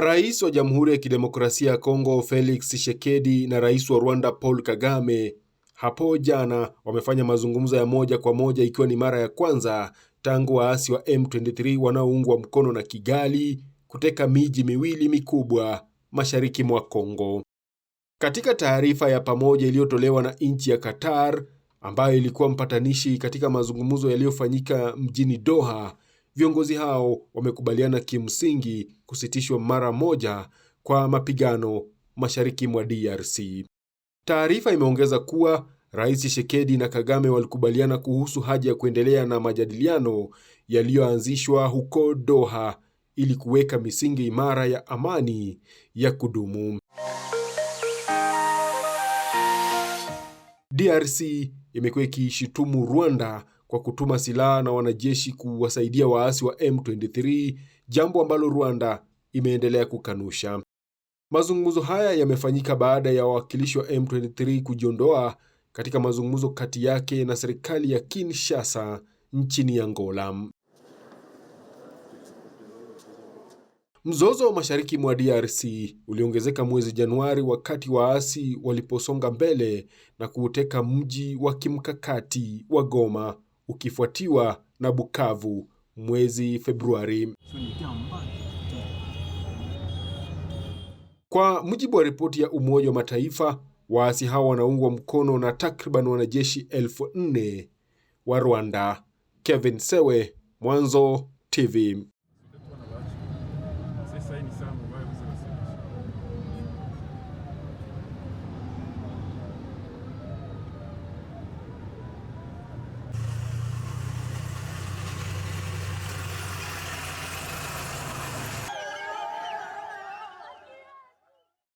Rais wa Jamhuri ya Kidemokrasia ya Kongo Felix Tshisekedi na Rais wa Rwanda Paul Kagame hapo jana wamefanya mazungumzo ya moja kwa moja ikiwa ni mara ya kwanza tangu waasi wa M23 wanaoungwa mkono na Kigali kuteka miji miwili mikubwa mashariki mwa Kongo. Katika taarifa ya pamoja iliyotolewa na nchi ya Qatar ambayo ilikuwa mpatanishi katika mazungumzo yaliyofanyika mjini Doha, Viongozi hao wamekubaliana kimsingi kusitishwa mara moja kwa mapigano mashariki mwa DRC. Taarifa imeongeza kuwa Rais Tshisekedi na Kagame walikubaliana kuhusu haja ya kuendelea na majadiliano yaliyoanzishwa huko Doha ili kuweka misingi imara ya amani ya kudumu. DRC imekuwa ikishutumu Rwanda kwa kutuma silaha na wanajeshi kuwasaidia waasi wa M23, jambo ambalo Rwanda imeendelea kukanusha. Mazungumzo haya yamefanyika baada ya wawakilishi wa M23 kujiondoa katika mazungumzo kati yake na serikali ya Kinshasa nchini Angola. Mzozo wa mashariki mwa DRC uliongezeka mwezi Januari wakati waasi waliposonga mbele na kuuteka mji wa kimkakati wa Goma ukifuatiwa na Bukavu mwezi Februari. Kwa mujibu wa ripoti ya Umoja wa Mataifa, waasi hao wanaungwa mkono na takriban wanajeshi elfu nne wa Rwanda. Kevin Sewe, Mwanzo TV.